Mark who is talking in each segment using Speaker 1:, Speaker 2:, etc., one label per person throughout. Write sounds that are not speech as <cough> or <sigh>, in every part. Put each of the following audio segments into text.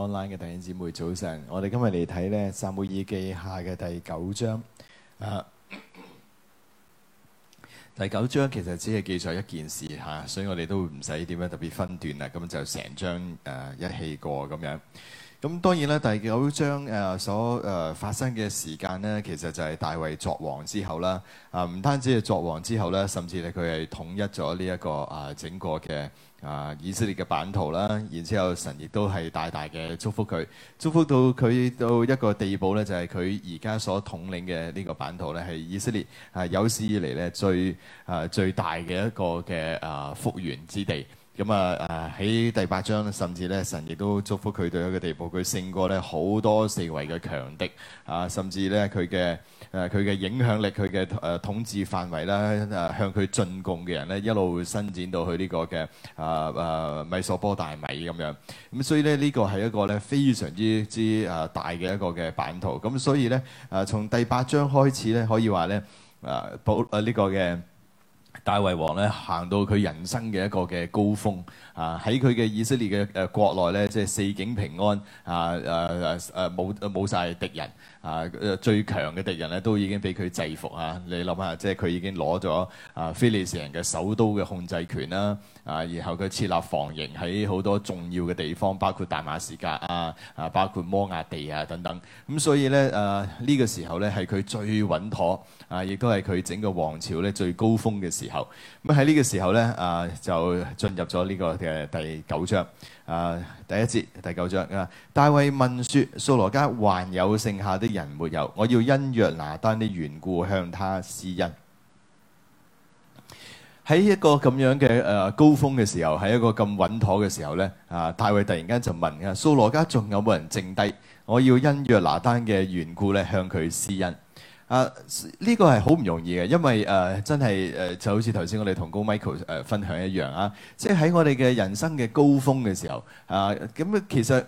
Speaker 1: Online 嘅弟兄姊妹，早晨，我哋今日嚟睇呢，撒母耳記下嘅第九章。啊，第九章其實只係記載一件事吓、啊，所以我哋都唔使點樣特別分段啦。咁就成章誒、啊、一氣過咁樣。咁當然啦，第九章誒所誒發生嘅時間咧，其實就係大衛作王之後啦。啊，唔單止係作王之後咧，甚至係佢係統一咗呢一個啊整個嘅啊以色列嘅版圖啦。然之後神亦都係大大嘅祝福佢，祝福到佢到一個地步咧，就係佢而家所統領嘅呢個版圖咧，係以色列係有史以嚟咧最啊最大嘅一個嘅啊復原之地。咁啊，喺第八章，甚至咧，神亦都祝福佢到一個地步，佢勝過咧好多四圍嘅強敵啊！甚至咧，佢嘅誒佢嘅影響力，佢嘅誒統治範圍啦，誒向佢進貢嘅人咧，一路會伸展到去呢個嘅啊啊米索波大米咁樣。咁所以咧，呢個係一個咧非常之之誒大嘅一個嘅版圖。咁所以咧，誒從第八章開始咧，可以話咧啊保啊呢個嘅。大衛王咧，行到佢人生嘅一個嘅高峰。啊！喺佢嘅以色列嘅誒、啊、國內咧，即係四境平安啊！誒誒誒冇冇曬敵人啊！最強嘅敵人咧都已經俾佢制服啊！你諗下，即係佢已經攞咗啊非利士人嘅首都嘅控制權啦！啊，然後佢設立防營喺好多重要嘅地方，包括大馬士革啊、啊包括摩押地啊等等。咁、啊、所以咧誒呢、啊這個時候咧係佢最穩妥啊，亦都係佢整個王朝咧最高峰嘅時候。咁喺呢個時候咧啊，就進入咗呢個。嘅第九章，啊，第一節第九章啊，大衛問說：蘇羅家還有剩下啲人沒有？我要因約拿單啲緣故向他施恩。喺一個咁樣嘅誒高峰嘅時候，喺一個咁穩妥嘅時候呢，啊，大衛突然間就問啊：蘇羅家仲有冇人剩低？我要因約拿單嘅緣故呢，向佢施恩。啊，呢、這個係好唔容易嘅，因為誒、呃、真係誒、呃、就好似頭先我哋同高 Michael 誒、呃、分享一樣啊，即係喺我哋嘅人生嘅高峰嘅時候，啊咁、嗯、其實。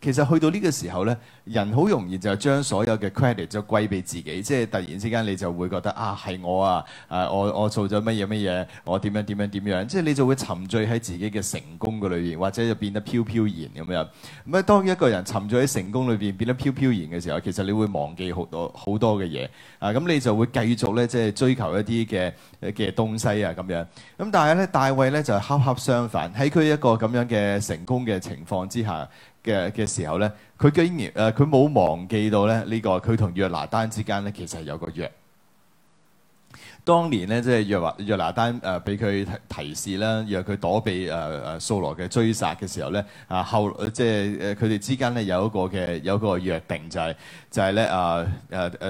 Speaker 1: 其實去到呢個時候呢，人好容易就係將所有嘅 credit 就歸俾自己，即係突然之間你就會覺得啊係我啊，誒、啊、我我做咗乜嘢乜嘢，我點樣點樣點樣，即係你就會沉醉喺自己嘅成功嘅裏面，或者就變得飄飄然咁樣。咁啊，當一個人沉醉喺成功裏邊變得飄飄然嘅時候，其實你會忘記好多好多嘅嘢啊。咁你就會繼續呢，即係追求一啲嘅嘅東西啊咁樣。咁但係呢，大衛呢就恰恰相反喺佢一個咁樣嘅成功嘅情況之下，嘅嘅時候咧，佢竟然誒佢冇忘記到咧、這、呢個佢同約拿單之間咧，其實係有個約。當年咧，即、就、係、是、約，約拿約拿單誒，俾佢提示啦，約佢躲避誒誒掃羅嘅追殺嘅時候咧，啊後即係誒佢哋之間咧有一個嘅有一個約定就係、是、就係、是、咧啊誒誒、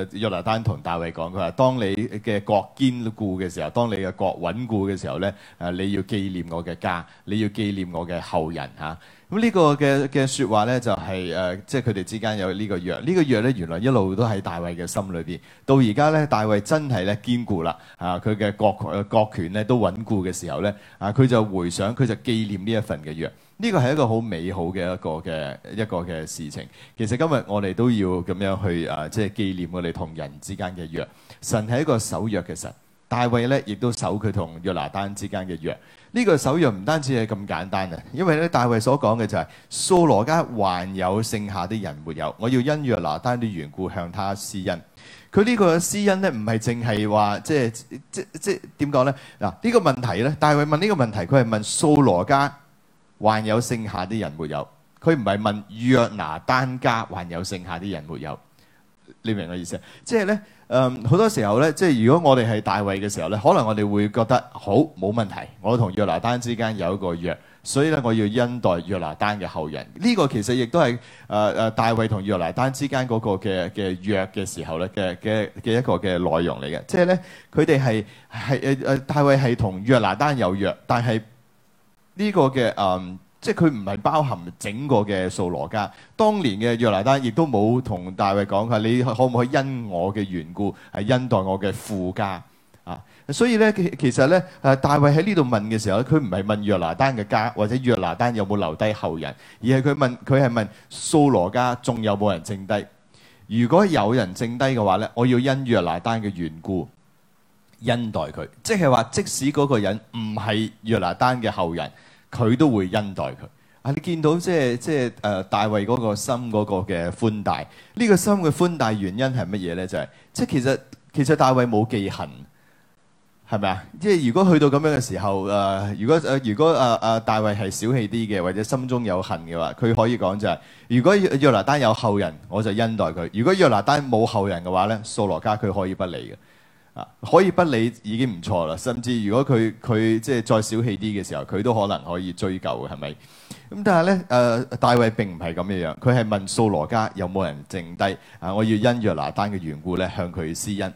Speaker 1: 啊、約拿單同大衛講，佢話：當你嘅國堅固嘅時候，當你嘅國穩固嘅時候咧，誒、啊、你要紀念我嘅家，你要紀念我嘅後人嚇。啊咁呢個嘅嘅說話咧，就係、是、誒、呃，即係佢哋之間有個約、呢個、約呢個約。呢個約咧，原來一路都喺大衛嘅心裏邊。到而家咧，大衛真係咧堅固啦，啊，佢嘅國國權咧都穩固嘅時候咧，啊，佢就回想佢就紀念呢一份嘅約。呢、呢個係一個好美好嘅一個嘅一個嘅事情。其實今日我哋都要咁樣去啊，即係紀念我哋同人之間嘅約。神係一個守約嘅神，大衛咧亦都守佢同約拿單之間嘅約。呢個誓約唔單止係咁簡單嘅，因為咧，大衛所講嘅就係掃羅家還有剩下啲人沒有，我要因約拿單啲緣故向他施恩。佢呢個施恩咧，唔係淨係話即係即即點講咧？嗱，呢個問題咧，大衛問呢個問題，佢係問掃羅家還有剩下啲人沒有，佢唔係問約拿單家還有剩下啲人沒有。你明我意思？即係咧。誒好、um, 多時候咧，即係如果我哋係大衛嘅時候咧，可能我哋會覺得好冇問題。我同約拿單之間有一個約，所以咧我要恩待約拿單嘅後人。呢、這個其實亦都係誒誒大衛同約拿單之間嗰個嘅嘅約嘅時候咧嘅嘅嘅一個嘅內容嚟嘅。即係咧，佢哋係係誒誒大衛係同約拿單有約，但係呢個嘅誒。嗯即係佢唔係包含整個嘅掃羅家，當年嘅約拿單亦都冇同大衛講，佢你可唔可以因我嘅緣故係恩待我嘅父家啊？所以咧，其實咧，誒、啊，大衛喺呢度問嘅時候咧，佢唔係問約拿單嘅家或者約拿單有冇留低後人，而係佢問佢係問掃羅家仲有冇人剩低？如果有人剩低嘅話咧，我要因約拿單嘅緣故恩待佢，即係話即使嗰個人唔係約拿單嘅後人。佢都會恩待佢啊！你見到即係即係誒、呃、大衛嗰個心嗰個嘅寬大，呢、這個心嘅寬大原因係乜嘢咧？就係、是、即係其實其實大衛冇記恨，係咪啊？即係如果去到咁樣嘅時候誒、呃，如果誒、呃、如果誒誒、呃呃、大衛係小氣啲嘅，或者心中有恨嘅話，佢可以講就係、是：如果約拿單有後人，我就恩待佢；如果約拿單冇後人嘅話咧，掃羅家佢可以不理嘅。可以不理已經唔錯啦，甚至如果佢佢即係再小氣啲嘅時候，佢都可能可以追究嘅，係咪？咁但係呢，誒、呃、大衛並唔係咁樣，佢係問掃羅家有冇人剩低啊？我要因約拿單嘅緣故呢向佢施恩。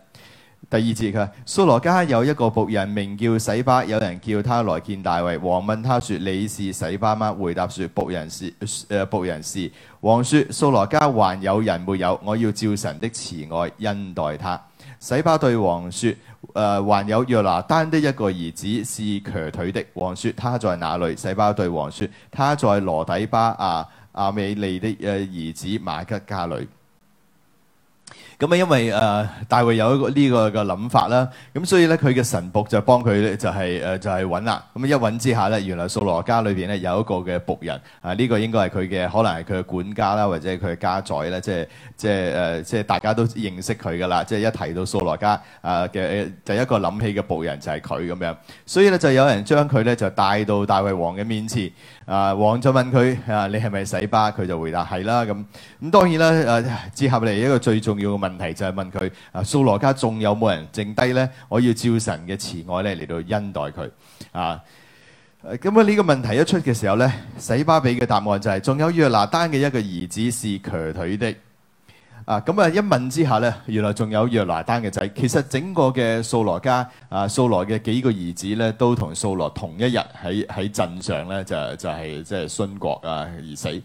Speaker 1: 第二節，佢話：掃羅家有一個僕人名叫洗巴，有人叫他來見大衛。王問他說：你是洗巴嗎？回答說：僕人是誒僕、呃、僕人是。王説：掃羅家還有人沒有？我要照神的慈愛恩待他。洗巴對王説：誒、呃，還有約拿丹的一個兒子是瘸腿的。王説：他在哪裏？洗巴對王説：他在羅底巴亞、啊、亞、啊、美利的誒兒、啊、子馬吉家裏。咁啊，因為誒大衛有一個呢個嘅諗法啦，咁所以咧佢嘅神僕就幫佢咧就係、是、誒就係揾啦。咁一揾之下咧，原來掃羅家裏邊咧有一個嘅僕人啊，呢、這個應該係佢嘅，可能係佢嘅管家啦，或者係佢嘅家宰咧，即係即係誒即係大家都認識佢噶啦，即、就、係、是、一提到掃羅家誒嘅就是、一個諗起嘅僕人就係佢咁樣，所以咧就有人將佢咧就帶到大衛王嘅面前。啊，王就問佢，啊，你係咪洗巴？佢就回答，係啦、啊。咁咁當然啦。誒、啊，接合嚟一個最重要嘅問題就係問佢，啊，掃羅家仲有冇人剩低呢？我要照神嘅慈愛咧嚟到恩待佢。啊，咁啊呢個問題一出嘅時候呢，洗巴俾嘅答案就係、是：仲有約拿單嘅一個兒子是瘸腿的。啊，咁啊一問之下咧，原來仲有約拿單嘅仔。其實整個嘅掃羅家，啊，掃羅嘅幾個兒子咧，都同掃羅同一日喺喺鎮上咧就是，就係即係殉國啊而死。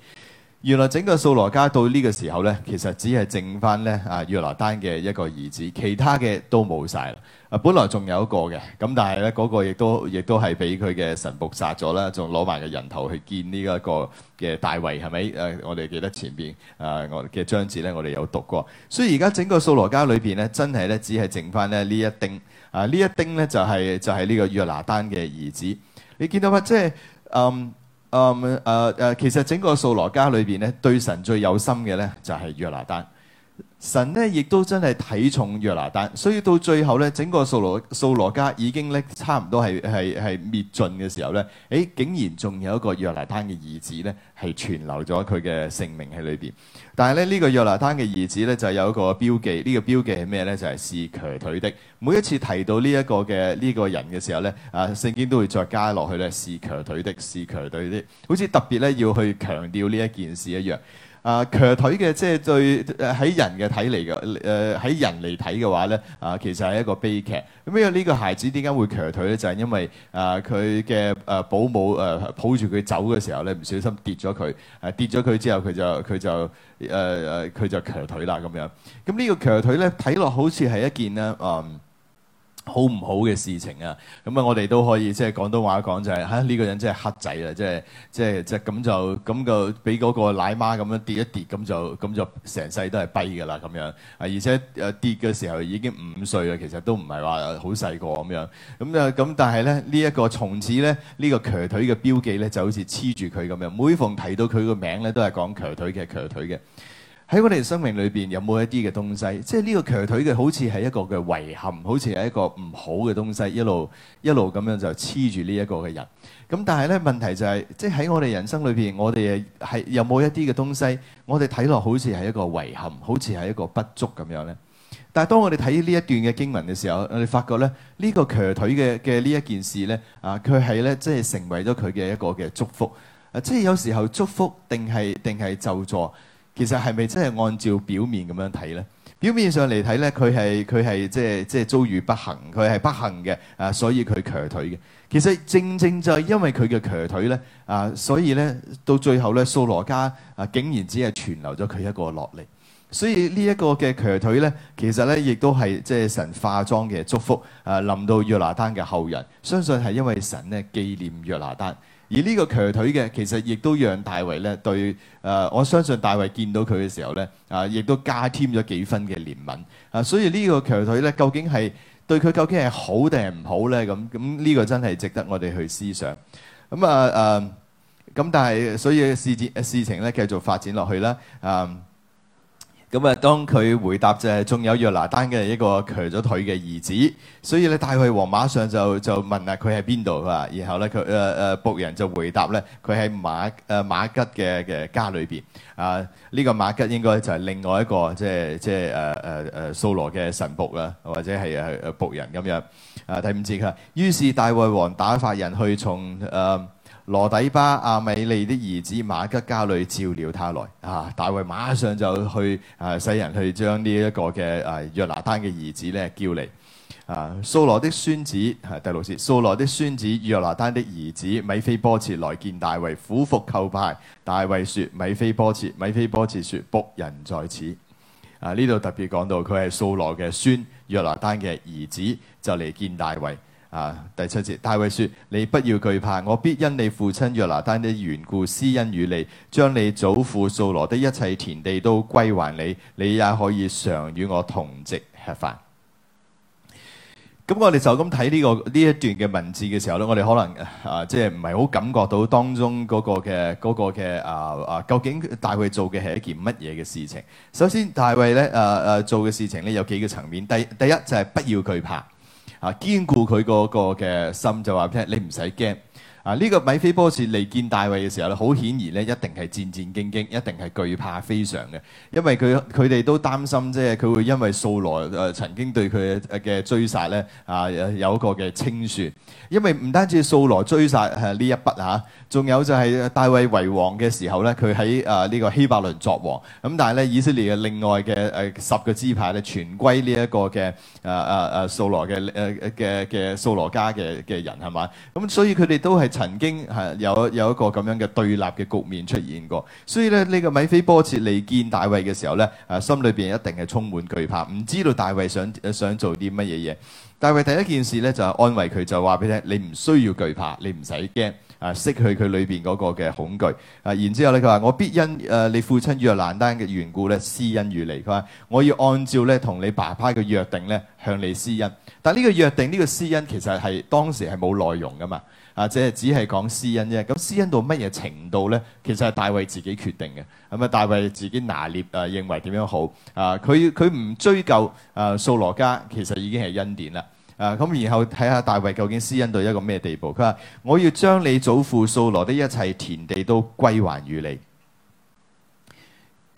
Speaker 1: 原來整個掃羅家到呢個時候咧，其實只係剩翻咧啊，約拿單嘅一個兒子，其他嘅都冇晒啦。啊，本來仲有一個嘅，咁但係咧嗰個亦都亦都係俾佢嘅神僕殺咗啦，仲攞埋個人頭去見呢一個嘅大衛係咪？誒，我哋記得前邊啊，我嘅章節咧，我哋有讀過，所以而家整個掃羅家裏邊咧，真係咧只係剩翻咧呢一丁啊，丁呢一丁咧就係、是、就係、是、呢個約拿單嘅兒子。你見到嗎？即係嗯嗯誒誒、啊，其實整個掃羅家裏邊咧，對神最有心嘅咧，就係、是、約拿單。神咧亦都真係睇重約拿單，所以到最後咧，整個掃羅掃羅家已經咧差唔多係係係滅盡嘅時候咧，誒竟然仲有一個約拿單嘅兒子咧係存留咗佢嘅性命喺裏邊。但係咧呢個約拿單嘅兒子咧就有一個標記，呢個標記係咩咧？就係是瘸腿的。每一次提到呢一個嘅呢個人嘅時候咧，啊聖經都會再加落去咧，是瘸腿的，是瘸腿的，好似特別咧要去強調呢一件事一樣。啊，瘸腿嘅即係對誒，喺、呃、人嘅睇嚟嘅，誒、呃、喺人嚟睇嘅話咧，啊其實係一個悲劇。咁呢個呢個孩子點解會瘸腿咧？就係、是、因為啊佢嘅誒保姆誒、呃、抱住佢走嘅時候咧，唔小心跌咗佢、啊，跌咗佢之後佢就佢就誒誒佢就瘸腿啦咁樣。咁呢個瘸腿咧，睇落好似係一件咧，嗯，好唔好嘅事情啊！咁啊，我哋都可以即係廣東話講就係嚇呢個人真係黑仔啊，即係即係即係咁就咁就俾嗰個奶媽咁樣跌一跌，咁就咁就成世都係跛噶啦咁樣啊！而且誒跌嘅時候已經五歲啦，其實都唔係話好細個咁樣，咁就咁，但係咧呢一個從此咧呢個瘸腿嘅標記咧就好似黐住佢咁樣，每逢提到佢個名咧都係講瘸腿嘅瘸腿嘅。喺我哋生命裏邊有冇一啲嘅東西？即係呢個瘸腿嘅，好似係一個嘅遺憾，好似係一個唔好嘅東西，一路一路咁樣就黐住呢一個嘅人。咁但係咧問題就係、是，即係喺我哋人生裏邊，我哋係有冇一啲嘅東西？我哋睇落好似係一個遺憾，好似係一個不足咁樣咧。但係當我哋睇呢一段嘅經文嘅時候，我哋發覺咧呢、這個瘸腿嘅嘅呢一件事咧啊，佢係咧即係成為咗佢嘅一個嘅祝福啊！即係有時候祝福定係定係咒詛。其實係咪真係按照表面咁樣睇呢？表面上嚟睇呢，佢係佢係即係即係遭遇不幸，佢係不幸嘅啊，所以佢瘸腿嘅。其實正正就係因為佢嘅瘸腿呢，啊，所以呢，到最後呢，掃羅家啊竟然只係存留咗佢一個落嚟。所以呢一個嘅瘸腿呢，其實呢，亦都係即係神化妝嘅祝福啊，臨到約拿單嘅後人，相信係因為神呢紀念約拿單。而呢個瘸腿嘅，其實亦都讓大衛咧對誒、呃，我相信大衛見到佢嘅時候咧，啊、呃，亦都加添咗幾分嘅憐憫啊、呃。所以個呢個瘸腿咧，究竟係對佢究竟係好定係唔好咧？咁咁呢個真係值得我哋去思想。咁啊誒，咁、呃呃、但係所以事節事情咧繼續發展落去啦啊。呃咁啊，當佢回答就係仲有約拿單嘅一個瘸咗腿嘅兒子，所以咧大衛王馬上就就問下佢喺邊度啊？然後咧佢誒誒僕人就回答咧，佢喺馬誒馬吉嘅嘅家裏邊。啊，呢、這個馬吉應該就係另外一個即係即係誒誒誒掃羅嘅神僕啊，或者係係僕人咁樣。啊，第五節佢、啊、於是大衛王打發人去從誒。啊羅底巴阿米、啊、利的兒子馬吉家裏照料他來啊，大衛馬上就去啊，使人去將呢一個嘅啊約拿單嘅兒子咧叫嚟啊，掃羅的孫子係第六節，掃羅的孫子約拿單的兒子、啊的子，啊、的子,的子米非波設來見大衛，俯伏叩拜，大衛說米非波設，米非波設說僕人在此啊，呢度特別講到佢係掃羅嘅孫約拿單嘅兒子就嚟見大衛。啊！第七節，大衛說：你不要懼怕，我必因你父親約拿單的緣故施恩與你，將你祖父掃羅的一切田地都歸還你，你也可以常與我同席吃飯。咁我哋就咁睇呢個呢一段嘅文字嘅時候咧，我哋可能啊，即係唔係好感覺到當中嗰個嘅、嗰個嘅啊啊，究竟大衛做嘅係一件乜嘢嘅事情？首先，大衛咧誒誒做嘅事情咧有幾個層面。第第一就係、是、不要懼怕。啊，兼顧佢嗰個嘅心就話聽，你唔使驚。啊！呢、這個米非波設嚟見大衛嘅時候咧，好顯然咧，一定係戰戰兢兢，一定係懼怕非常嘅，因為佢佢哋都擔心，即係佢會因為掃羅誒、呃、曾經對佢嘅追殺咧，啊有、啊、有一個嘅清算，因為唔單止掃羅追殺係呢一筆吓，仲、啊、有就係大衛為王嘅時候咧，佢喺誒呢個希伯倫作王，咁、啊、但係咧以色列嘅另外嘅誒、啊、十個支派咧，全歸呢一個嘅誒誒誒掃羅嘅誒嘅嘅掃羅家嘅嘅人係嘛，咁所以佢哋都係。曾經係有有一個咁樣嘅對立嘅局面出現過，所以咧呢個米非波設，嚟見大衛嘅時候咧，誒心裏邊一定係充滿懼怕，唔知道大衛想想做啲乜嘢嘢。大衛第一件事咧就係安慰佢，就話俾你聽：你唔需要懼怕，你唔使驚，啊，釋去佢裏邊嗰個嘅恐懼。啊，然之後咧，佢話：我必因誒你父親約拿單嘅緣故咧，施恩與你。佢話：我要按照咧同你爸爸嘅約定咧，向你施恩。但呢個約定，呢、這個施恩其實係當時係冇內容噶嘛。啊，即係只係講施恩啫。咁施恩到乜嘢程度咧？其實係大衛自己決定嘅。咁啊，大衛自己拿捏啊，認為點樣好啊？佢佢唔追究啊，掃羅家其實已經係恩典啦。啊，咁然後睇下大衛究竟施恩到一個咩地步？佢話：我要將你祖父掃羅的一切田地都歸還於你。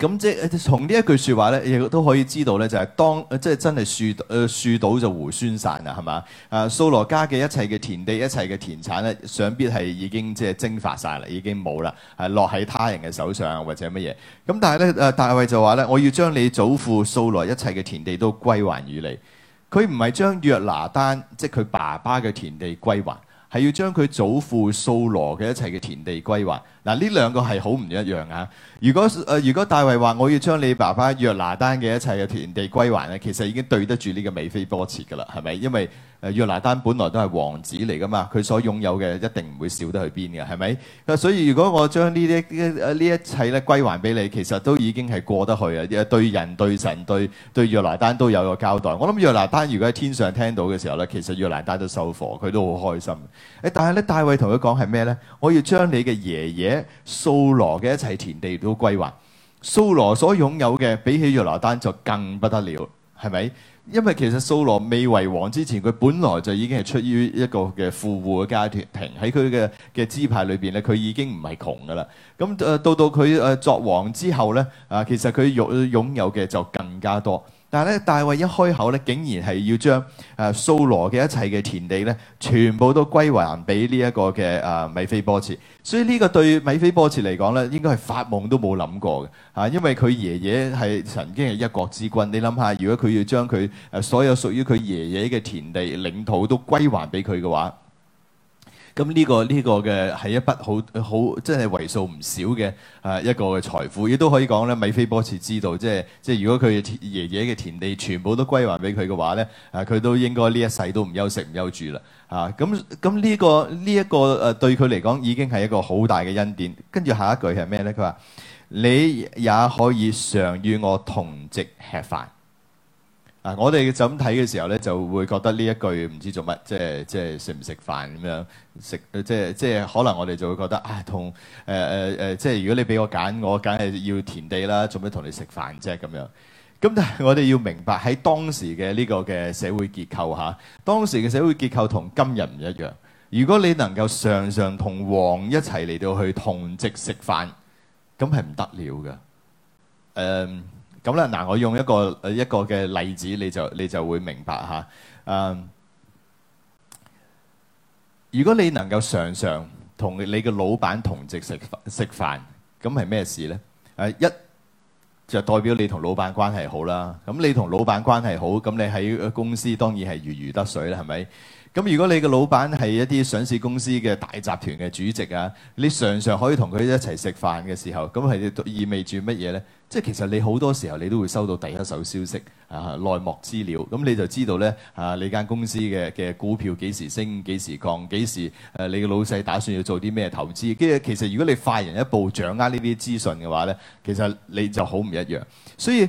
Speaker 1: 咁即係從呢一句説話咧，亦都可以知道咧，就係、是、當即係真係樹誒樹倒就胡宣散啦，係嘛？啊，掃羅家嘅一切嘅田地，一切嘅田產咧，想必係已經即係蒸發晒啦，已經冇啦，係、啊、落喺他人嘅手上或者乜嘢。咁但係咧，誒、啊、大衛就話咧，我要將你祖父掃羅一切嘅田地都歸還於你。佢唔係將約拿單，即係佢爸爸嘅田地歸還。係要將佢祖父掃羅嘅一切嘅田地歸還。嗱，呢兩個係好唔一樣啊！如果誒、呃，如果大衛話我要將你爸爸約拿單嘅一切嘅田地歸還咧，其實已經對得住呢個美菲波切㗎喇，係咪？因為誒約拿丹本來都係王子嚟噶嘛，佢所擁有嘅一定唔會少得去邊嘅，係咪？所以如果我將呢啲呢一切咧歸還俾你，其實都已經係過得去嘅，對人對神對對約拿丹都有個交代。我諗約拿丹如果喺天上聽到嘅時候咧，其實約拿丹都收貨，佢都好開心。誒，但係咧，大衛同佢講係咩呢？我要將你嘅爺爺蘇羅嘅一切田地都歸還。蘇羅所擁有嘅比起約拿丹就更不得了，係咪？因為其實掃羅未為王之前，佢本來就已經係出於一個嘅富戶嘅家庭。停喺佢嘅嘅支派裏邊咧，佢已經唔係窮噶啦。咁誒到到佢誒作王之後咧，啊其實佢擁擁有嘅就更加多。但係咧，大衛一開口咧，竟然係要將誒、啊、掃羅嘅一切嘅田地咧，全部都歸還俾呢一個嘅誒、啊、米非波設。所以呢個對米非波設嚟講咧，應該係發夢都冇諗過嘅嚇、啊，因為佢爺爺係曾經係一國之君。你諗下，如果佢要將佢誒所有屬於佢爺爺嘅田地、領土都歸還俾佢嘅話，咁呢、嗯這個呢、這個嘅係一筆好好，真係為數唔少嘅誒、啊、一個嘅財富，亦都可以講咧。米非波設知道，即係即係如果佢爺爺嘅田地全部都歸還俾佢嘅話咧，啊，佢都應該呢一世都唔休息唔休住啦。啊，咁咁呢個呢、這個、一個誒對佢嚟講已經係一個好大嘅恩典。跟住下一句係咩咧？佢話你也可以常與我同席吃飯。啊！我哋就咁睇嘅時候咧，就會覺得呢一句唔知做乜，即係即係食唔食飯咁樣食，即係即係可能我哋就會覺得啊、哎，同誒誒誒，即係如果你俾我揀，我梗係要田地啦，做咩同你食飯啫咁樣？咁但係我哋要明白喺當時嘅呢個嘅社會結構下、啊，當時嘅社會結構同今日唔一樣。如果你能夠常常同王一齊嚟到去同席食飯，咁係唔得了㗎。誒、嗯。咁啦，嗱，我用一個誒一個嘅例子，你就你就會明白嚇。誒，如果你能夠常常同你嘅老闆同席食食飯，咁係咩事呢？誒一就代表你同老闆關係好啦。咁你同老闆關係好，咁你喺公司當然係如魚得水啦，係咪？咁如果你嘅老闆係一啲上市公司嘅大集團嘅主席啊，你常常可以同佢一齊食飯嘅時候，咁係意味住乜嘢呢？即係其實你好多時候你都會收到第一手消息啊、內幕資料，咁你就知道呢，啊你間公司嘅嘅股票幾時升，幾時降，幾時誒、啊、你嘅老細打算要做啲咩投資？跟住其實如果你快人一步掌握呢啲資訊嘅話呢，其實你就好唔一樣。所以。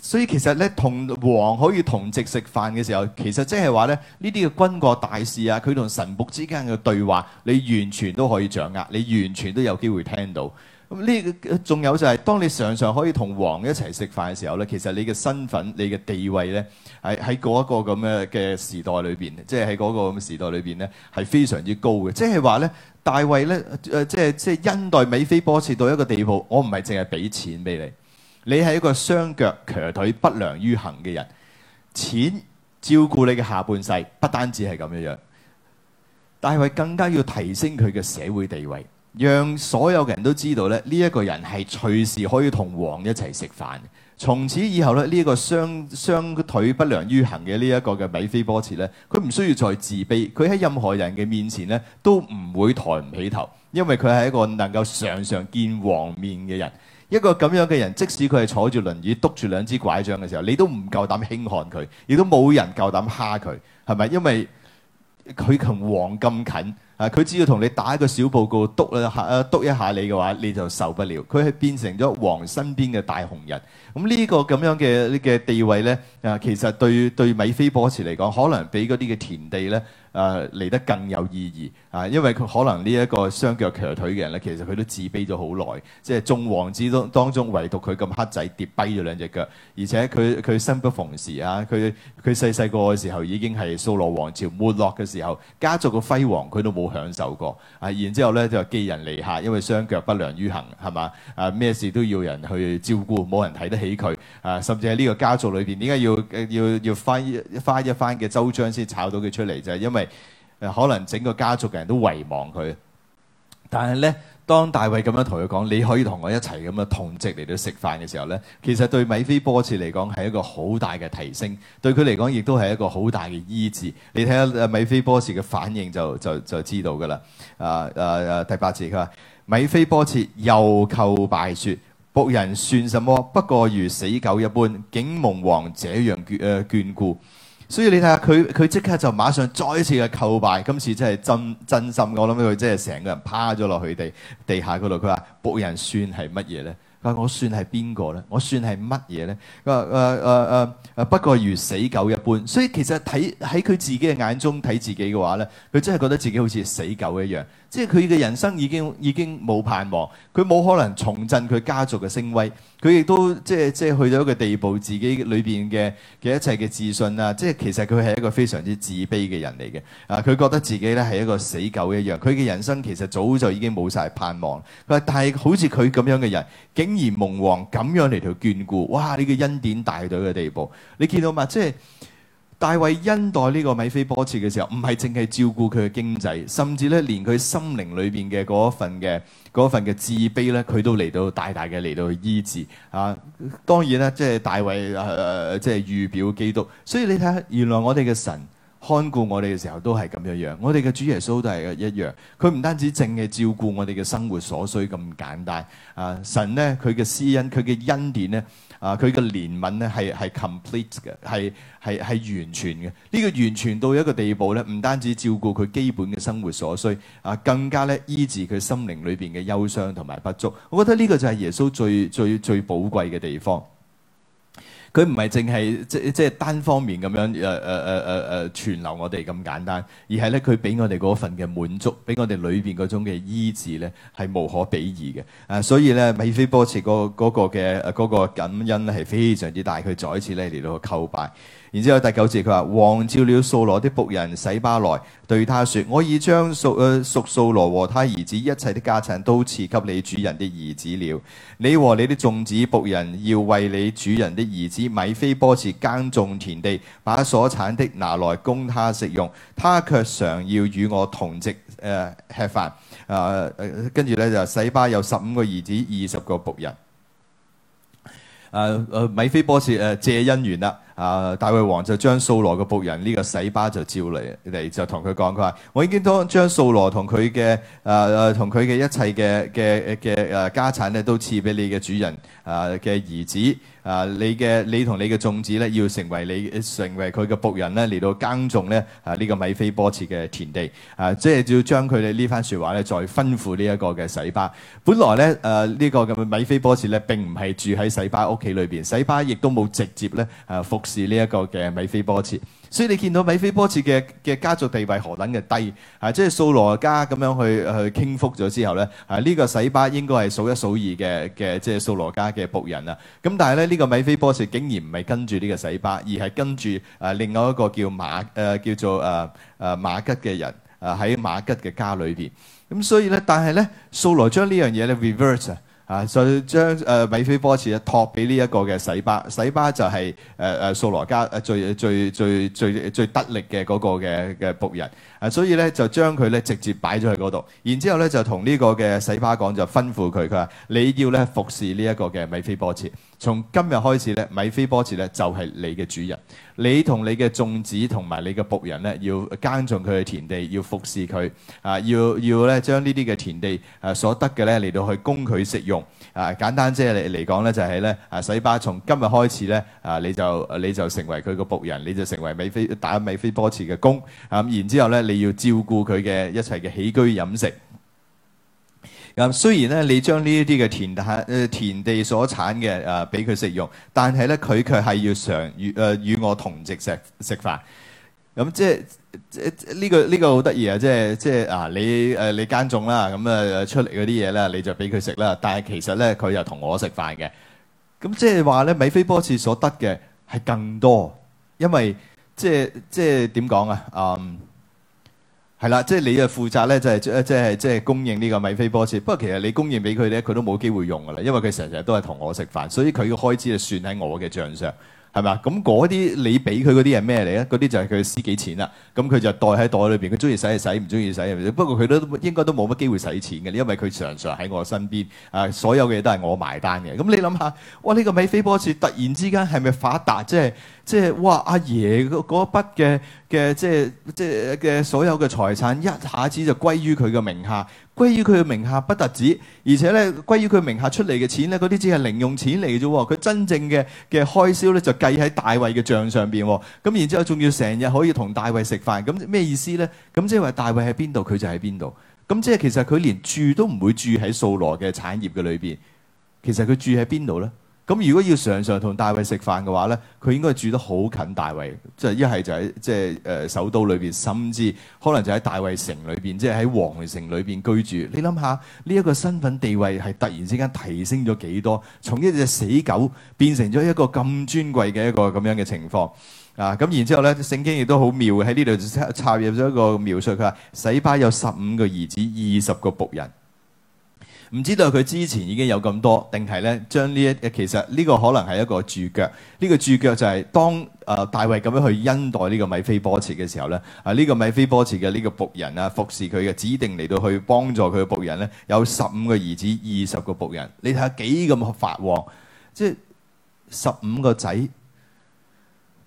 Speaker 1: 所以其實咧，同王可以同席食飯嘅時候，其實即係話咧，呢啲嘅軍國大事啊，佢同神僕之間嘅對話，你完全都可以掌握，你完全都有機會聽到。咁呢，仲有就係、是，當你常常可以同王一齊食飯嘅時候咧，其實你嘅身份、你嘅地位咧，喺喺嗰一個咁嘅嘅時代裏邊，即係喺嗰個咁嘅時代裏邊咧，係非常之高嘅。即係話咧，大衛咧，誒、就是，即係即係恩待米非波設到一個地步，我唔係淨係俾錢俾你。你係一個雙腳瘸腿、不良於行嘅人，錢照顧你嘅下半世，不單止係咁樣樣，但係更加要提升佢嘅社會地位，讓所有嘅人都知道咧，呢、這、一個人係隨時可以同王一齊食飯。從此以後咧，呢、這、一個雙雙腿不良於行嘅呢一個嘅米非波設咧，佢唔需要再自卑，佢喺任何人嘅面前咧都唔會抬唔起頭，因為佢係一個能夠常常見王面嘅人。一個咁樣嘅人，即使佢係坐住輪椅、篤住兩支拐杖嘅時候，你都唔夠膽輕看佢，亦都冇人夠膽蝦佢，係咪？因為佢同王咁近啊！佢只要同你打一個小報告、篤下、篤一下你嘅話，你就受不了。佢係變成咗王身邊嘅大紅人。咁呢個咁樣嘅呢個地位呢，啊，其實對對米菲波茨嚟講，可能比嗰啲嘅田地呢，誒嚟得更有意義啊！因為佢可能呢一個雙腳瘸腿嘅人咧，其實佢都自卑咗好耐。即係眾王子當當中，唯獨佢咁黑仔跌跛咗兩隻腳，而且佢佢生不逢時啊！佢佢細細個嘅時候已經係掃羅王朝沒落嘅時候，家族嘅輝煌佢都冇享受過啊！然之後咧就寄人籬下，因為雙腳不良於行係嘛啊？咩事都要人去照顧，冇人睇得起佢啊！甚至係呢個家族裏邊，點解要要要翻翻一番嘅周章先炒到佢出嚟就啫？因為可能整個家族嘅人都遺忘佢，但係咧，當大衛咁樣同佢講，你可以同我一齊咁樣同席嚟到食飯嘅時候咧，其實對米非波設嚟講係一個好大嘅提升，對佢嚟講亦都係一個好大嘅醫治。你睇下米非波設嘅反應就就就知道㗎喇。啊啊啊！第八節，佢話：米非波設又叩拜說，僕人算什麼？不過如死狗一般，竟蒙王這樣誒眷顧。呃眷顧所以你睇下佢，佢即刻就馬上再一次嘅叩拜，今次真係真真心。我諗佢真係成個人趴咗落去地下嗰度。佢話：僕人算係乜嘢咧？佢話：我算係邊個咧？我算係乜嘢咧？佢話：誒誒誒誒，不過如死狗一般。所以其實睇喺佢自己嘅眼中睇自己嘅話咧，佢真係覺得自己好似死狗一樣。即係佢嘅人生已經已經冇盼望，佢冇可能重振佢家族嘅聲威，佢亦都即係即係去到一個地步，自己裏邊嘅嘅一切嘅自信啊，即係其實佢係一個非常之自卑嘅人嚟嘅。啊，佢覺得自己咧係一個死狗一樣，佢嘅人生其實早就已經冇晒盼望。佢話：但係好似佢咁樣嘅人，竟然蒙王咁樣嚟到眷顧，哇！呢個恩典大到嘅地步，你見到嘛？即係。大衛恩待呢個米非波設嘅時候，唔係淨係照顧佢嘅經濟，甚至咧連佢心靈裏邊嘅嗰一份嘅份嘅自卑咧，佢都嚟到大大嘅嚟到醫治啊！當然啦，即、就、係、是、大衛誒，即、呃、係、就是、預表基督。所以你睇下，原來我哋嘅神看顧我哋嘅時候都係咁樣樣，我哋嘅主耶穌都係一樣。佢唔單止淨係照顧我哋嘅生活所需咁簡單啊！神咧佢嘅私恩，佢嘅恩典咧。啊！佢嘅憐憫咧係係 complete 嘅，係係係完全嘅。呢個完全到一個地步咧，唔單止照顧佢基本嘅生活所需，啊，更加咧醫治佢心靈裏邊嘅憂傷同埋不足。我覺得呢個就係耶穌最最最寶貴嘅地方。佢唔係淨係即即單方面咁樣誒誒誒誒誒傳留我哋咁簡單，而係咧佢俾我哋嗰份嘅滿足，俾我哋裏邊嗰種嘅醫治咧係無可比擬嘅。啊，所以咧米菲波茨嗰個嘅嗰個嗰個感恩咧係非常之大，佢再一次咧嚟到個叩拜。然之後第九節，佢話，王召了掃羅的僕人洗巴來對他說，我已將屬誒、屬掃羅和他兒子一切的家產都賜給你主人的兒子了，你和你的眾子僕人要為你主人的兒子米菲波茨，耕種田地，把所產的拿來供他食用，他卻常要與我同席，誒、呃、吃飯啊、呃、跟住咧就洗巴有十五個兒子、二十個僕人，誒誒、呃、米菲波茨誒謝恩元啦。啊、呃、大衛王就將掃羅嘅僕人呢，這個洗巴就召嚟嚟，就同佢講，佢話我已經當將掃羅同佢嘅誒誒同佢嘅一切嘅嘅嘅誒家產咧，呃，都賜俾你嘅主人啊嘅兒子啊，你嘅你同你嘅種子咧，要成為你成為佢嘅僕人咧，嚟到耕種咧啊呢個米非波設嘅田地啊，呃，即係要將佢哋呢番説話咧，再吩咐呢一個嘅洗巴。本來咧誒呢，呃這個嘅米非波設咧並唔係住喺洗巴屋企裏邊，洗巴亦都冇直接咧誒服。是呢一個嘅米非波設，所以你見到米非波設嘅嘅家族地位何等嘅低啊！即係掃羅家咁樣去去傾覆咗之後咧，啊呢、這個洗巴應該係數一數二嘅嘅即係掃羅家嘅僕人啦。咁、啊、但係咧呢、這個米非波設竟然唔係跟住呢個洗巴，而係跟住啊另外一個叫瑪誒、啊、叫做誒、啊、誒、啊、瑪吉嘅人啊喺瑪吉嘅家裏邊。咁、啊、所以咧，但係咧掃羅將呢樣嘢咧 reverse。啊！就將誒、啊、米非波設啊託俾呢一個嘅洗巴，洗巴就係誒誒掃羅家誒最最最最最得力嘅嗰個嘅嘅仆人。啊，所以咧就將佢咧直接擺咗去嗰度，然之後咧就同呢個嘅洗巴講，就吩咐佢，佢話你要咧服侍呢一個嘅米非波設，從今日開始咧，米非波設咧就係你嘅主人，你同你嘅眾子同埋你嘅僕人咧，要耕種佢嘅田地，要服侍佢，啊，要要咧將呢啲嘅田地啊所得嘅咧嚟到去供佢食用，啊，簡單啫嚟嚟講咧就係咧啊洗巴，從今日開始咧啊你就你就成為佢個僕人，你就成為米非打米非波設嘅工，咁、啊、然之後咧。你要照顧佢嘅一切嘅起居飲食。咁、嗯、雖然咧，你將呢一啲嘅田產誒田地所產嘅誒俾佢食用，但係咧佢卻係要常與誒、呃、與我同席食食飯。咁即係即係呢個呢個好得意啊！即係、這個這個、即係啊，你誒、呃、你耕種啦，咁、嗯、啊出嚟嗰啲嘢咧，你就俾佢食啦。但係其實咧，佢又同我食飯嘅。咁、嗯、即係話咧，米非波設所得嘅係更多，因為即係即係點講啊？嗯。嗯係啦，即係、就係、你嘅負責咧，就係即係即係供應呢個米菲波士。不過其實你供應俾佢咧，佢都冇機會用㗎啦，因為佢成日都係同我食飯，所以佢嘅開支就算喺我嘅帳上。係嘛？咁嗰啲你俾佢嗰啲係咩嚟咧？嗰啲就係佢私己錢啦。咁佢就袋喺袋裏邊，佢中意使就使，唔中意使係咪？不過佢都應該都冇乜機會使錢嘅，因為佢常常喺我身邊。啊，所有嘅嘢都係我埋單嘅。咁你諗下，哇！呢個米非波設突然之間係咪發達？即係即係哇！阿爺嗰筆嘅嘅即係即係嘅所有嘅財產一下子就歸於佢嘅名下。歸於佢嘅名下不特止，而且咧，歸於佢名下出嚟嘅錢咧，嗰啲只係零用錢嚟嘅啫。佢真正嘅嘅開銷咧，就計喺大衛嘅賬上邊。咁然之後仲要成日可以同大衛食飯，咁咩意思咧？咁即係話大衛喺邊度，佢就喺邊度。咁即係其實佢連住都唔會住喺掃羅嘅產業嘅裏邊。其實佢住喺邊度咧？咁如果要常常同大衛食飯嘅話咧，佢應該住得好近大衛，即係一係就喺即係誒首都裏邊，甚至可能就喺大衛城裏邊，即係喺皇城裏邊居住。你諗下呢一個身份地位係突然之間提升咗幾多？從一隻死狗變成咗一個咁尊貴嘅一個咁樣嘅情況啊！咁然之後咧，聖經亦都好妙喺呢度插入咗一個描述，佢話洗巴有十五個兒子，二十個僕人。唔知道佢之前已經有咁多，定係咧將呢一嘅、這個、其實呢個可能係一個注腳。呢、這個注腳就係當誒大衛咁樣去恩待呢個米非波設嘅時候咧，啊、這、呢個米非波設嘅呢個僕人啊服侍佢嘅指定嚟到去幫助佢嘅僕人咧，有十五個兒子、二十個僕人，你睇下幾咁發旺，即係十五個仔。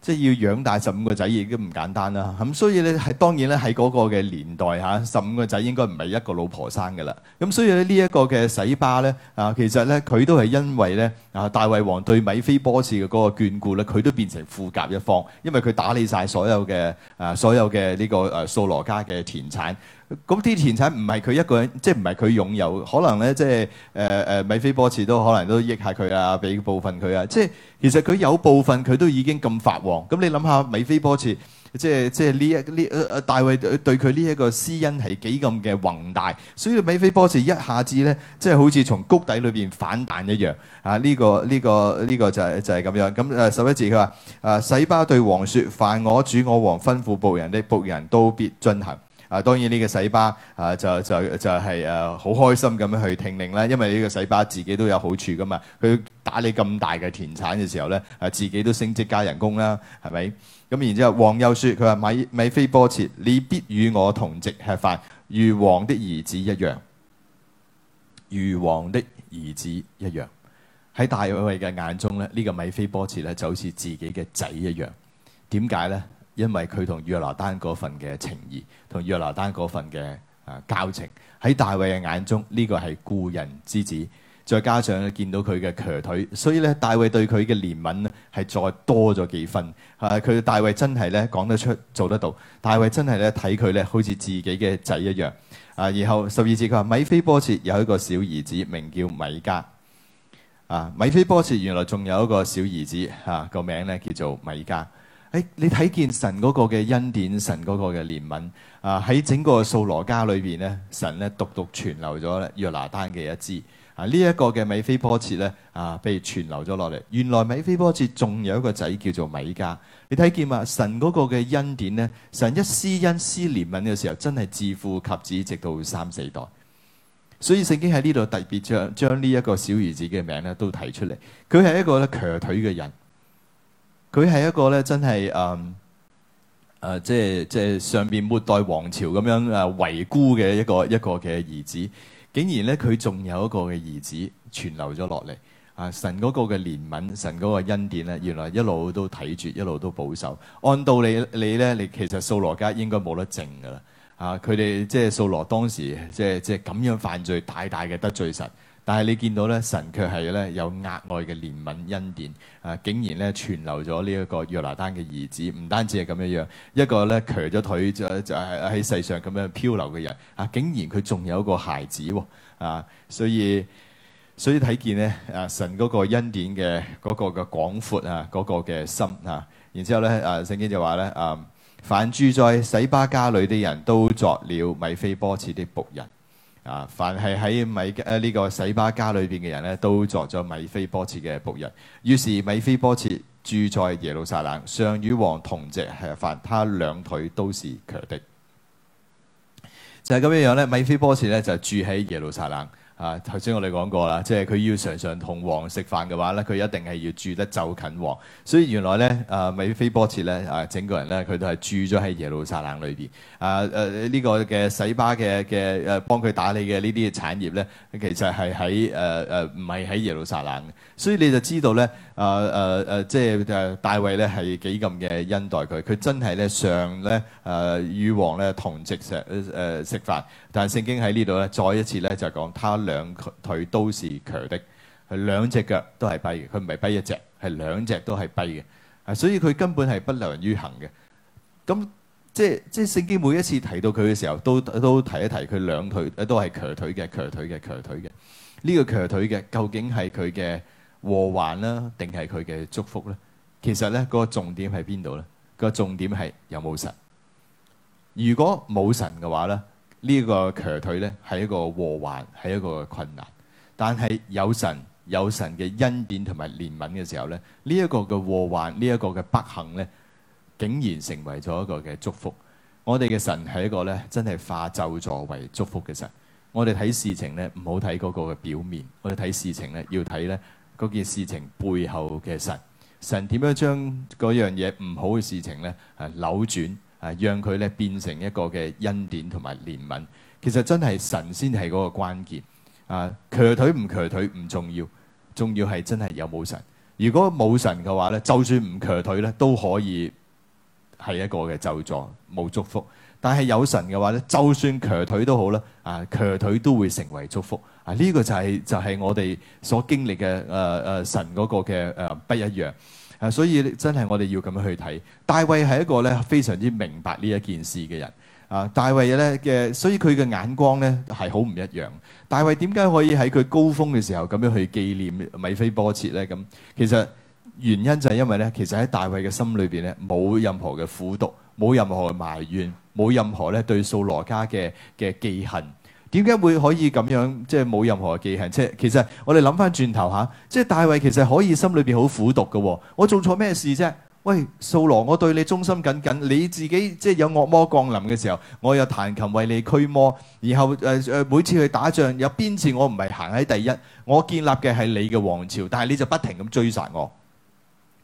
Speaker 1: 即係要養大十五個仔，已經唔簡單啦。咁、嗯、所以咧，係當然咧，喺嗰個嘅年代嚇，十、啊、五個仔應該唔係一個老婆生嘅啦。咁、嗯、所以咧，這個、呢一個嘅洗巴咧，啊，其實咧佢都係因為咧，啊，大衛王對米非波士嘅嗰個眷顧咧，佢都變成富甲一方，因為佢打理晒所有嘅啊，所有嘅呢、這個誒掃、啊、羅家嘅田產。咁啲田產唔係佢一個人，即係唔係佢擁有，可能咧即係誒誒米菲波茨都可能都益下佢啊，俾部分佢啊，即係其實佢有部分佢都已經咁發旺。咁你諗下米菲波茨，即係即係呢一呢誒誒大衛對佢呢一個私恩係幾咁嘅宏大，所以米菲波茨一下子咧，即係好似從谷底裏邊反彈一樣啊！呢、這個呢、這個呢、這個就係、是、就係、是、咁樣。咁誒、啊、十一字，佢話誒洗巴對王説：凡我主我王吩咐僕人的僕人，人都必遵行。啊，當然呢個洗巴啊，就就就係誒好開心咁樣去聽令啦，因為呢個洗巴自己都有好處噶嘛，佢打你咁大嘅田產嘅時候咧，誒、啊、自己都升職加人工啦，係咪？咁然之後，王又説：佢話米米非波設，你必與我同席吃飯，如王的兒子一樣，如王的兒子一樣。喺大衛嘅眼中咧，呢、這個米非波設咧就好似自己嘅仔一樣。點解咧？因為佢同約拿單嗰份嘅情誼，同約拿單嗰份嘅啊交情喺大衛嘅眼中呢、這個係故人之子，再加上見到佢嘅強腿，所以咧大衛對佢嘅憐憫咧係再多咗幾分啊。佢大衛真係咧講得出做得到，大衛真係咧睇佢咧好似自己嘅仔一樣啊。然後十二節佢話米非波設有一個小兒子名叫米加啊。米非波設原來仲有一個小兒子啊，個名咧叫做米加。誒、哎，你睇見神嗰個嘅恩典，神嗰個嘅憐憫啊，喺整個掃羅家裏邊咧，神咧獨獨存留咗約拿單嘅一支啊，呢、這、一個嘅米非波設呢，咧啊，被存留咗落嚟。原來米非波設仲有一個仔叫做米迦，你睇見嘛？神嗰個嘅恩典咧，神一施恩、一施憐憫嘅時候，真係自父及子，直到三四代。所以聖經喺呢度特別將將呢一個小兒子嘅名咧都提出嚟。佢係一個咧瘸腿嘅人。佢係一個咧，真係誒誒，即係即係上邊末代王朝咁樣誒遺孤嘅一個一個嘅兒子，竟然咧佢仲有一個嘅兒子存留咗落嚟。啊，神嗰個嘅憐憫，神嗰個恩典咧，原來一路都睇住，一路都保守。按道理你咧，你呢，你呢，其實掃羅家應該冇得淨噶啦。啊，佢哋即係掃羅當時即係即係咁樣犯罪，大大嘅得罪神。但係你見到咧，神卻係咧有額外嘅憐憫恩典，啊，竟然咧存留咗呢一個約拿單嘅兒子，唔單止係咁樣樣，一個咧瘸咗腿就就喺世上咁樣漂流嘅人，啊，竟然佢仲有一個孩子喎，啊，所以所以睇見咧，啊，神嗰個恩典嘅嗰個嘅廣闊啊，嗰個嘅心啊，然之後咧，啊，聖經就話咧，啊，凡住在洗巴家裡的人都作了米非波設的僕人。啊！凡係喺米嘅呢、啊，這個洗巴家裏邊嘅人咧，都作咗米非波設嘅僕人。於是米非波設住在耶路撒冷，上與王同席吃飯，他兩腿都是瘸的。就係、是、咁樣樣咧，米非波設咧就是、住喺耶路撒冷。啊！頭先我哋講過啦，即係佢要常常同王食飯嘅話咧，佢一定係要住得就近王。所以原來咧，啊米非波設咧，啊整個人咧，佢都係住咗喺耶路撒冷裏邊。啊誒呢、啊這個嘅洗巴嘅嘅誒幫佢打理嘅呢啲產業咧，其實係喺誒誒唔係喺耶路撒冷嘅。所以你就知道咧，啊啊啊！即係大衛咧係幾咁嘅恩待佢，佢真係咧上咧誒與王咧同席食誒、呃、食飯。但聖經喺呢度咧，再一次咧就講，他兩腿都是瘸的，係兩隻腳都係跛嘅，佢唔係跛一隻，係兩隻都係跛嘅啊。所以佢根本係不良於行嘅。咁即係即係聖經每一次提到佢嘅時候，都都提一提佢兩腿都係瘸腿嘅，瘸腿嘅，瘸腿嘅。呢個瘸腿嘅究竟係佢嘅禍患啦，定係佢嘅祝福咧？其實咧個重點喺邊度咧？個重點係有冇神？如果冇神嘅話咧？呢個瘸腿呢，係一個禍患，係一個困難。但係有神，有神嘅恩典同埋憐憫嘅時候呢，呢一個嘅禍患，呢一個嘅不幸呢，竟然成為咗一個嘅祝福。我哋嘅神係一個呢，真係化咒詛為祝福嘅神。我哋睇事情呢，唔好睇嗰個嘅表面，我哋睇事情呢，要睇呢嗰件事情背後嘅神。神點樣將嗰樣嘢唔好嘅事情呢，係扭轉？啊，讓佢咧變成一個嘅恩典同埋憐憫，其實真係神先係嗰個關鍵。啊，瘸腿唔瘸腿唔重要，重要係真係有冇神。如果冇神嘅話咧，就算唔瘸腿咧都可以係一個嘅咒詛冇祝福。但係有神嘅話咧，就算瘸腿都好啦，啊，瘸腿都會成為祝福。啊，呢、這個就係、是、就係、是、我哋所經歷嘅誒誒神嗰個嘅誒、呃、不一樣。啊，所以真係我哋要咁樣去睇，大衛係一個咧非常之明白呢一件事嘅人啊，大衛咧嘅，所以佢嘅眼光咧係好唔一樣。大衛點解可以喺佢高峰嘅時候咁樣去紀念米非波設咧？咁其實原因就係因為咧，其實喺大衛嘅心裏邊咧，冇任何嘅苦毒，冇任何嘅埋怨，冇任何咧對掃羅家嘅嘅記恨。點解會可以咁樣即係冇任何記恨？即係其實我哋諗翻轉頭吓，即係大衛其實可以心裏邊好苦毒嘅喎。我做錯咩事啫？喂，掃羅，我對你忠心耿耿，你自己即係有惡魔降臨嘅時候，我有彈琴為你驅魔，然後誒誒、呃、每次去打仗有邊次我唔係行喺第一，我建立嘅係你嘅王朝，但係你就不停咁追殺我。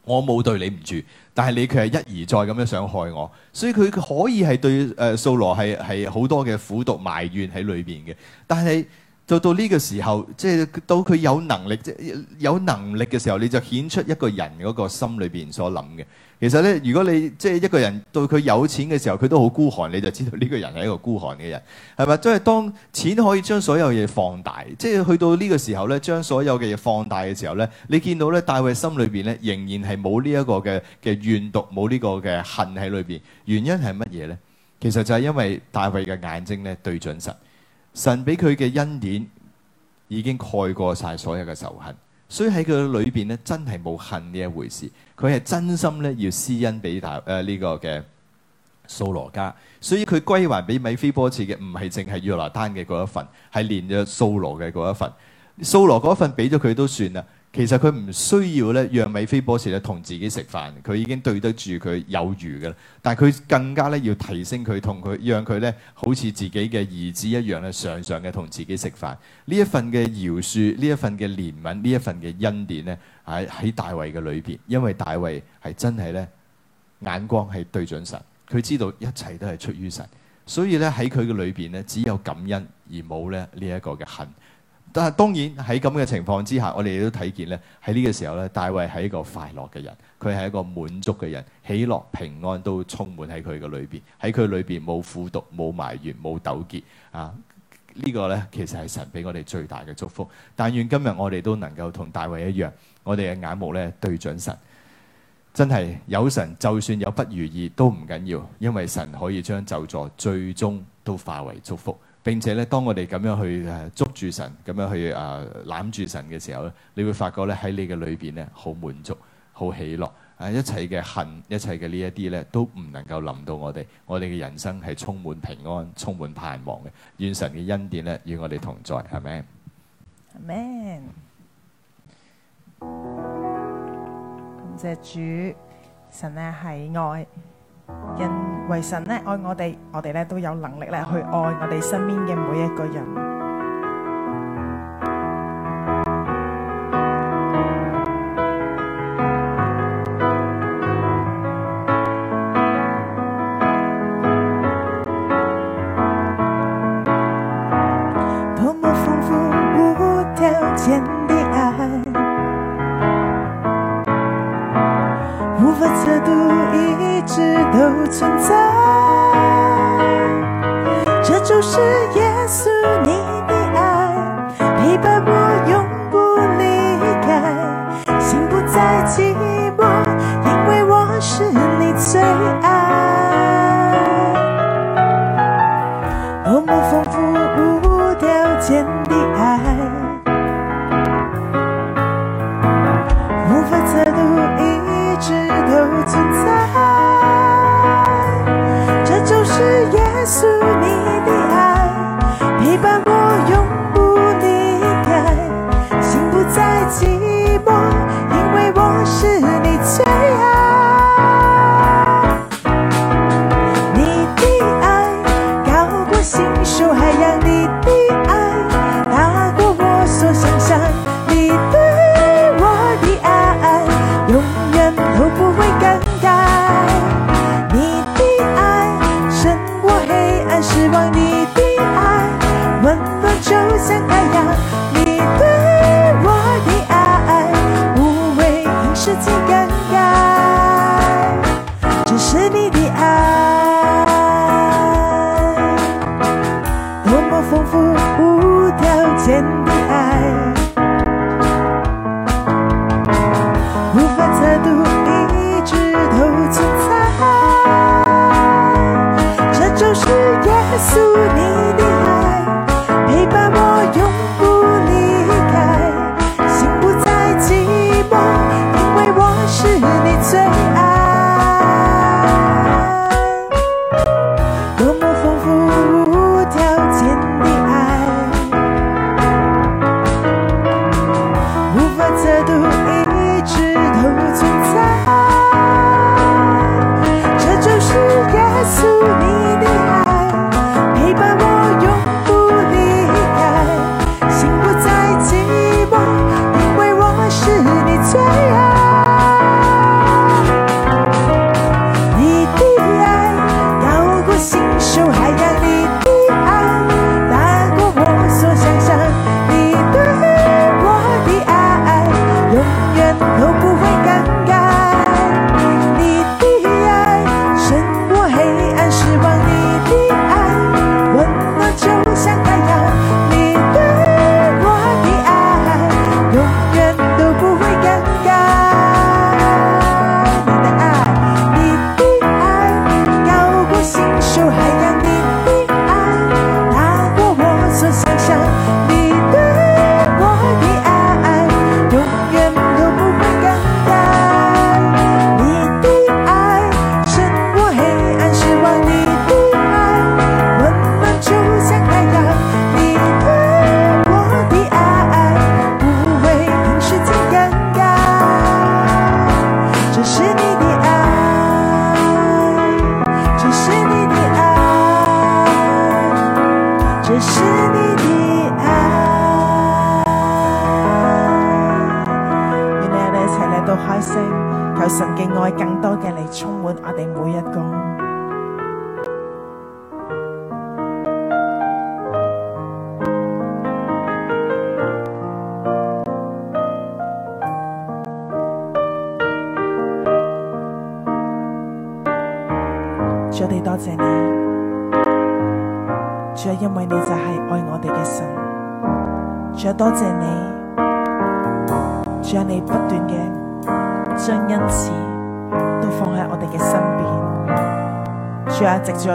Speaker 1: 我冇對你唔住，但係你卻係一而再咁樣想害我，所以佢可以係對誒、呃、掃羅係係好多嘅苦毒埋怨喺裏邊嘅。但係到到呢個時候，即、就、係、是、到佢有能力即、就是、有能力嘅時候，你就顯出一個人嗰個心裏邊所諗嘅。其實咧，如果你即係一個人對佢有錢嘅時候，佢都好孤寒，你就知道呢個人係一個孤寒嘅人，係咪？即係當錢可以將所有嘢放大，即係去到呢個時候咧，將所有嘅嘢放大嘅時候咧，你見到咧大衛心裏邊咧仍然係冇呢一個嘅嘅怨毒，冇呢個嘅恨喺裏邊。原因係乜嘢咧？其實就係因為大衛嘅眼睛咧對準神，神俾佢嘅恩典已經蓋過晒所有嘅仇恨。所以喺佢裏邊咧，真係冇恨呢一回事。佢係真心咧要施恩俾大誒呢、呃這個嘅掃羅家，所以佢歸還俾米非波設嘅唔係淨係約拿單嘅嗰一份，係連咗掃羅嘅嗰一份。掃羅嗰份俾咗佢都算啦。其實佢唔需要咧讓米非波設咧同自己食飯，佢已經對得住佢有餘嘅啦。但係佢更加咧要提升佢同佢，佢讓佢咧好似自己嘅兒子一樣咧，常常嘅同自己食飯。呢一份嘅饒恕，呢一份嘅憐憫，呢一份嘅恩典咧，喺喺大衛嘅裏邊，因為大衛係真係咧眼光係對準神，佢知道一切都係出於神，所以咧喺佢嘅裏邊咧只有感恩而冇咧呢一個嘅恨。但當然喺咁嘅情況之下，我哋都睇見咧，喺呢個時候咧，大衛係一個快樂嘅人，佢係一個滿足嘅人，喜樂平安都充滿喺佢嘅裏邊，喺佢裏邊冇苦毒、冇埋怨、冇糾結啊！這個、呢個咧其實係神俾我哋最大嘅祝福。但願今日我哋都能夠同大衛一樣，我哋嘅眼目咧對準神，真係有神，就算有不如意都唔緊要，因為神可以將咒詛最終都化為祝福。並且咧，當我哋咁樣去捉住神，咁樣去啊攬住神嘅時候咧，你會發覺咧，喺你嘅裏邊咧，好滿足，好喜樂啊！一切嘅恨，一切嘅呢一啲咧，都唔能夠臨到我哋。我哋嘅人生係充滿平安，充滿盼望嘅。願神嘅恩典咧，與我哋同在。阿門。
Speaker 2: 阿門。感謝主，神咧、啊、係愛。因為神呢愛我哋，我哋呢都有能力呢去愛我哋身邊嘅每一個人。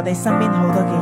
Speaker 2: 你身邊好多嘅。 <noise>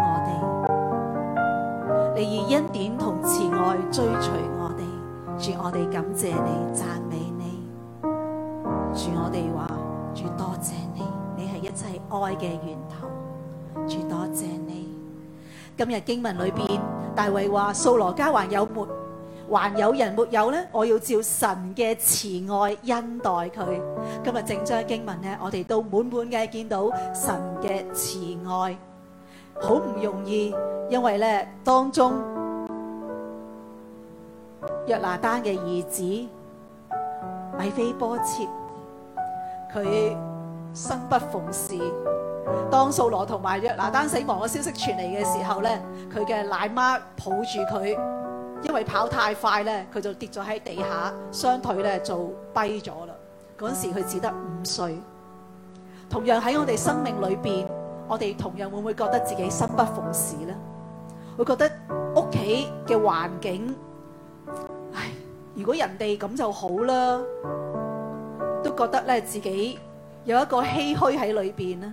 Speaker 3: 我哋，你以恩典同慈愛追隨我哋，主我哋感謝你，讚美你，主我哋話，主多謝你，你係一切愛嘅源頭，主多謝你。今日經文裏邊，大衛話，掃羅家還有沒還有人沒有呢？我要照神嘅慈愛恩待佢。今日整章經文呢，我哋都滿滿嘅見到神嘅慈愛。好唔容易，因為咧當中約拿單嘅兒子米非波設，佢生不逢時。當掃羅同埋約拿單死亡嘅消息傳嚟嘅時候咧，佢嘅奶媽抱住佢，因為跑太快咧，佢就跌咗喺地下，雙腿咧就跛咗啦。嗰陣時佢只得五歲。同樣喺我哋生命裏邊。我哋同樣會唔會覺得自己生不逢時咧？會覺得屋企嘅環境，唉，如果人哋咁就好啦，都覺得咧自己有一個唏噓喺裏邊咧。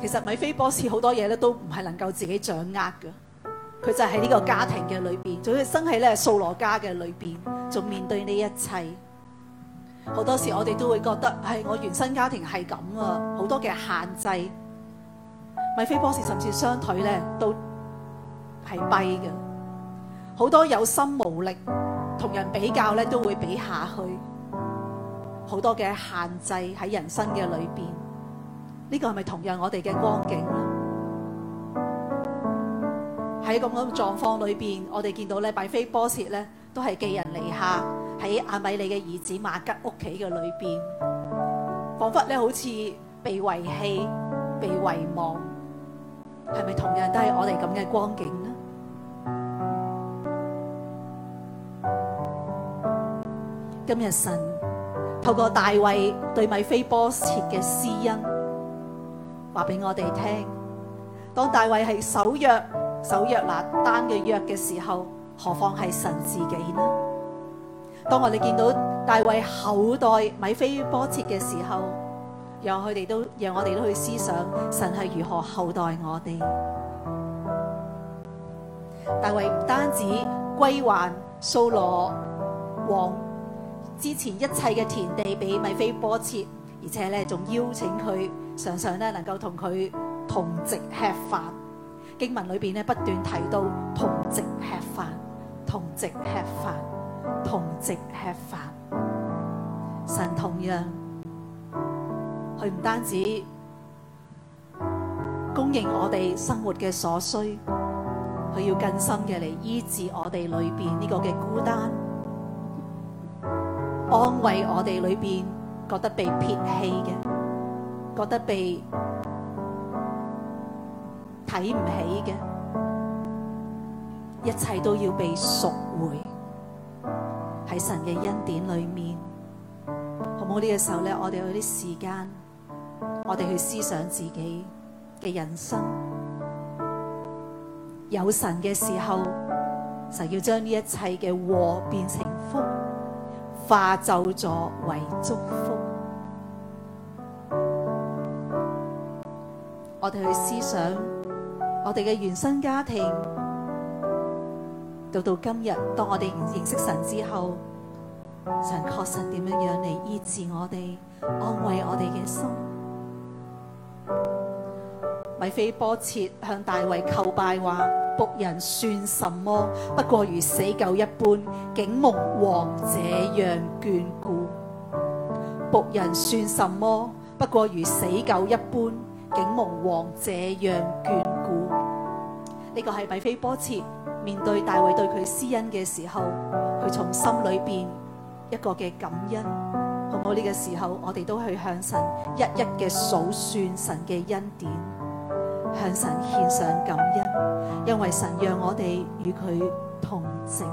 Speaker 3: 其實米非波設好多嘢咧都唔係能夠自己掌握嘅，佢就喺呢個家庭嘅裏邊，仲要生喺咧掃羅家嘅裏邊，仲面對呢一切。好多時我哋都會覺得係、哎、我原生家庭係咁啊，好多嘅限制。米非波設甚至雙腿咧都係跛嘅，好多有心無力，同人比較咧都會比下去。好多嘅限制喺人生嘅裏邊，呢、這個係咪同樣我哋嘅光景？喺咁樣嘅狀況裏邊，我哋見到咧米非波設咧。都係寄人籬下，喺阿米利嘅兒子馬吉屋企嘅裏邊，仿佛咧好似被遺棄、被遺忘，係咪同樣都係我哋咁嘅光景呢？今日神透過大衛對米非波設嘅施恩，話俾我哋聽，當大衛係守約、守約拿單嘅約嘅時候，何況係神自己呢？當我哋見到大衛厚待米非波設嘅時候，讓佢哋都，讓我哋都去思想神係如何厚待我哋。大衛唔單止歸還掃羅王之前一切嘅田地俾米非波設，而且咧仲邀請佢常常咧能夠同佢同席吃飯。經文裏邊咧不斷提到同席吃飯。同席吃飯，同席吃飯，神同樣，佢唔單止供應我哋生活嘅所需，佢要更深嘅嚟醫治我哋裏邊呢個嘅孤單，安慰我哋裏邊覺得被撇棄嘅，覺得被睇唔起嘅。一切都要被贖回喺神嘅恩典裏面，好唔好呢？這個時候咧，我哋有啲時間，我哋去思想自己嘅人生。有神嘅時候，就要將呢一切嘅禍變成福，化咒詛為祝福。我哋去思想我哋嘅原生家庭。到到今日，當我哋認識神之後，神確實點樣樣嚟醫治我哋、安慰我哋嘅心。米非波切向大衛叩拜話：僕 <noise> 人算什麼？不過如死狗一般，竟蒙王這樣眷顧。僕人算什麼？不過如死狗一般，竟蒙王這樣眷顧。呢個係米非波切。面對大衛對佢施恩嘅時候，佢從心裏邊一個嘅感恩。好唔好呢？這個時候，我哋都去向神一一嘅數算神嘅恩典，向神獻上感恩，因為神讓我哋與佢同席。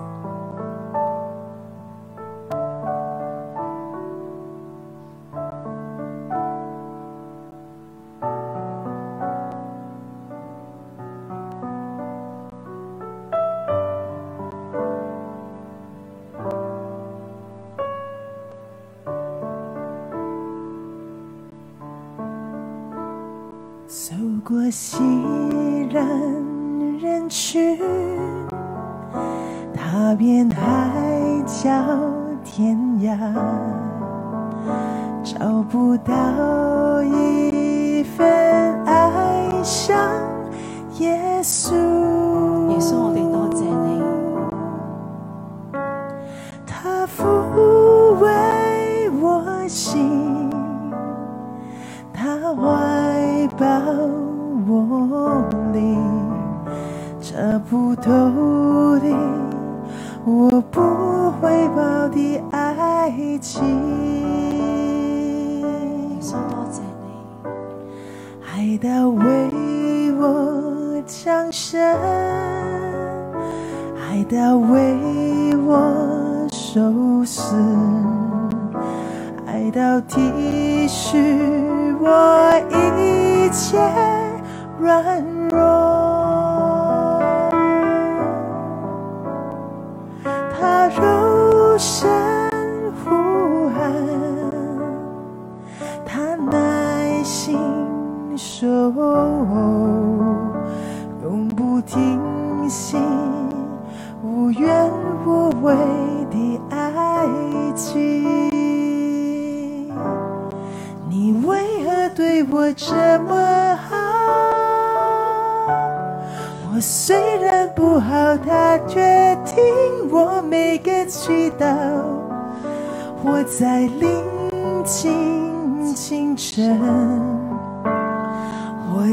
Speaker 4: 愛到為我降生，愛到為我受死，愛到體恤我一切軟。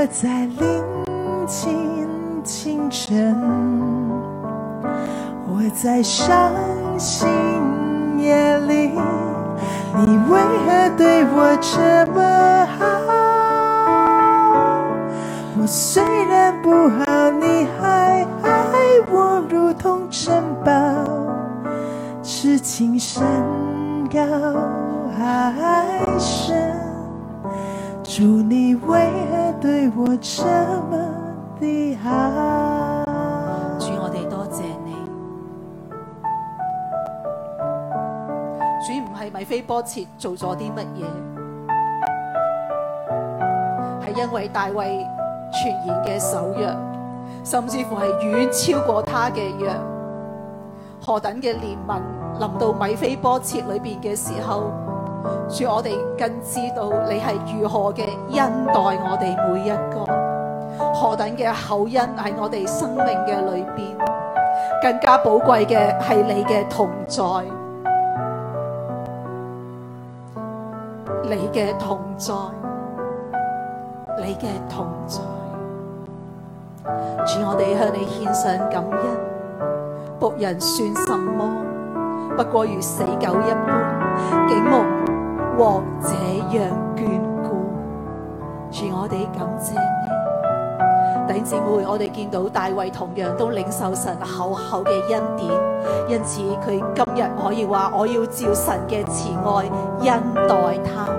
Speaker 4: 我在臨近清晨，我在傷心夜裏，你為何對我這麼好？我雖然不好，你還愛我如同珍寶，癡情山高海深，祝你為。對我這麼的好，
Speaker 3: 主，我哋多謝你，主唔係米非波切做咗啲乜嘢，係因為大衛傳言嘅守約，甚至乎係遠超過他嘅約。何等嘅憐憫臨到米非波切裏邊嘅時候！主，我哋更知道你係如何嘅恩待我哋每一個，何等嘅厚恩喺我哋生命嘅裏邊，更加寶貴嘅係你嘅同在，你嘅同在，你嘅同在。主，我哋向你獻上感恩。僕人算什麼？不過如死狗一般，景或者讓眷顧，住我哋感謝你。弟兄姊妹，我哋見到大衛同樣都領受神厚厚嘅恩典，因此佢今日可以話：我要照神嘅慈愛恩待他，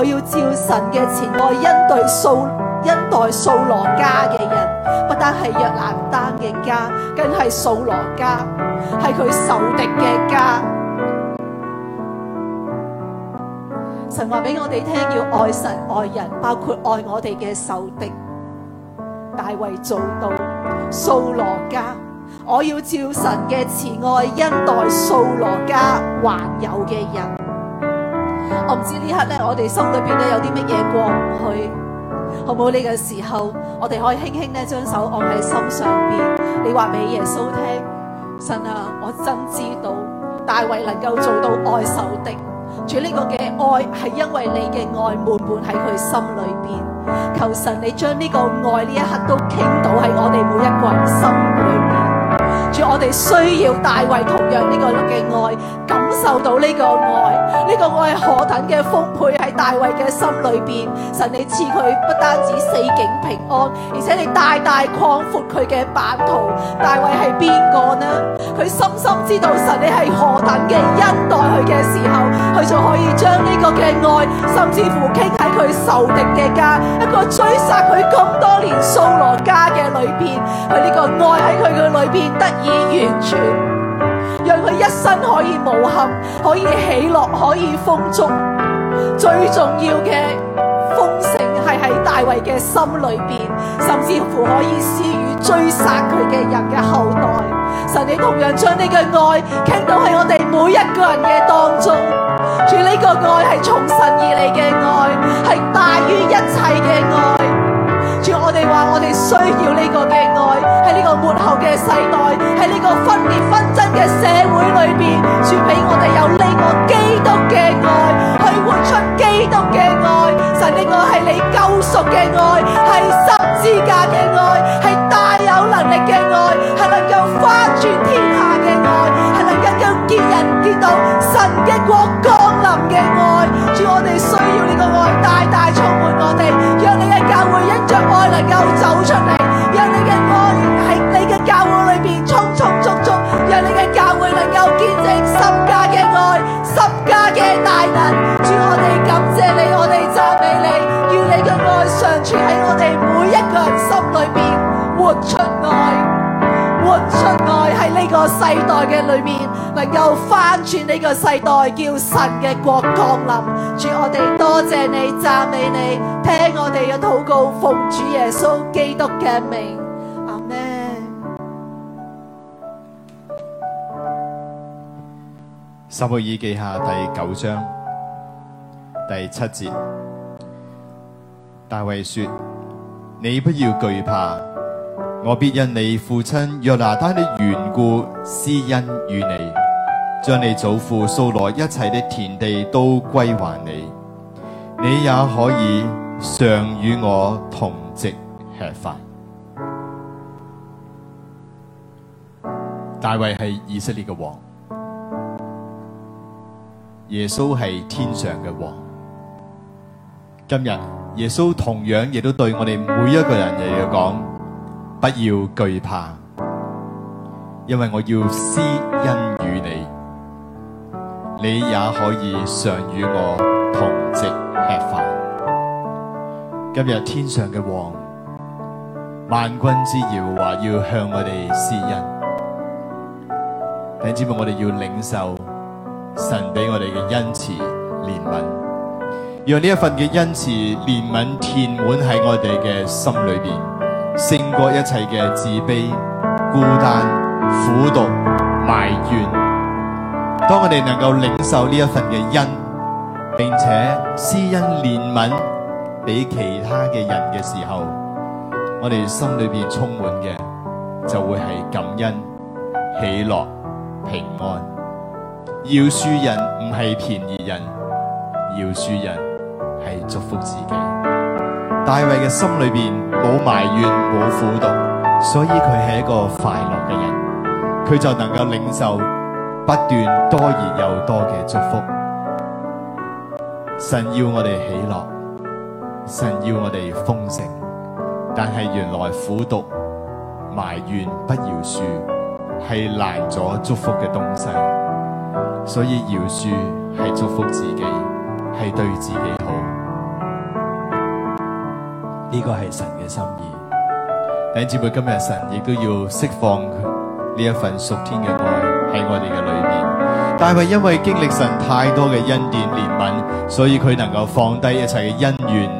Speaker 3: 佢要照神嘅慈愛恩待掃恩待掃羅家嘅人，不單係約拿單嘅家，更係掃羅家，係佢仇敵嘅家。神話俾我哋聽，要愛神愛人，包括愛我哋嘅仇敵。大衛做到，掃羅家，我要照神嘅慈愛恩待掃羅家還有嘅人。我唔知呢刻咧，我哋心裏邊咧有啲乜嘢過唔去，好唔好？呢個時候，我哋可以輕輕咧將手按喺心上邊，你話俾耶穌聽：神啊，我真知道大衛能夠做到愛仇敵。主呢個嘅愛係因為你嘅愛滿滿喺佢心裏邊，求神你將呢個愛呢一刻都傾倒喺我哋每一個人心裏。主，我哋需要大衛同樣呢個嘅愛，感受到呢個愛，呢個愛係何等嘅豐沛喺大衛嘅心裏邊。神你賜佢不單止四境平安，而且你大大擴闊佢嘅版圖。大衛係邊個呢？佢深深知道神你係何等嘅恩待佢嘅時候，佢就可以將呢個嘅愛，甚至乎傾喺佢仇敵嘅家，一個追殺佢咁多年掃羅家嘅裏邊，佢呢個愛喺佢嘅裏邊得。已完全，讓佢一生可以無憾，可以喜樂，可以豐足。最重要嘅豐盛係喺大衛嘅心裏邊，甚至乎可以施予追殺佢嘅人嘅後代。神你同樣將你嘅愛傾倒喺我哋每一個人嘅當中，住呢個愛係從神而嚟嘅愛，係大於一切嘅愛。主，我哋話我哋需要呢個嘅愛，喺呢個末後嘅世代，喺呢個分裂紛爭嘅社會裏邊，主俾我哋有呢個基督嘅愛，去活出基督嘅愛，神嘅愛係你救贖嘅愛，係十字架嘅愛，係大有能力嘅愛，係能夠翻轉天個世代嘅裏面，能夠翻轉呢個世代，叫神嘅國降臨。主，我哋多謝你，讚美你，聽我哋嘅禱告，奉主耶穌基督嘅名，阿門。
Speaker 1: 《撒母耳記下》第九章第七節，大衛說：你不要懼怕，我必因你父親約拿單的緣故施恩與你，將你祖父掃羅一切的田地都歸還你，你也可以常與我同席吃飯。 <noise> 大衛係以色列嘅王，耶穌係天上嘅王。今日耶穌同樣亦都對我哋每一個人嚟嘅講。不要懼怕，因為我要施恩於你，你也可以常與我同席吃飯。今日天，天上嘅王，萬軍之堯話要向我哋施恩，你知冇？我哋要領受神俾我哋嘅恩慈憐憫，讓呢一份嘅恩慈憐憫填滿喺我哋嘅心裏邊，勝過一切嘅自卑、孤單、苦毒、埋怨。當我哋能夠領受呢一份嘅恩，並且施恩憐憫俾其他嘅人嘅時候，我哋心裏邊充滿嘅就會係感恩、喜樂、平安。饒恕人唔係便宜人，饒恕人係祝福自己。大衛嘅心裏邊，冇埋怨冇苦毒，所以佢係一個快樂嘅人，佢就能夠領受不斷多而又多嘅祝福。神要我哋喜樂，神要我哋豐盛，但係原來苦毒埋怨不饒恕係難咗祝福嘅東西，所以饒恕係祝福自己，係對自己。呢個係神嘅心意，弟兄姊妹今日神亦都要釋放佢呢一份屬天嘅愛喺我哋嘅裏面。但係因為經歷神太多嘅恩典憐憫，所以佢能夠放低一切嘅恩怨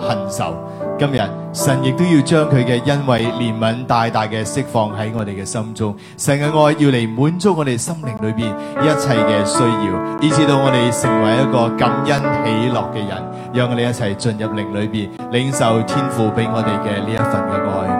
Speaker 1: 恨仇。今日神亦都要將佢嘅恩惠憐憫大大嘅釋放喺我哋嘅心中，神嘅愛要嚟滿足我哋心靈裏邊一切嘅需要，以至到我哋成為一個感恩喜樂嘅人，讓我哋一齊進入靈裏邊領受天父俾我哋嘅呢一份嘅愛。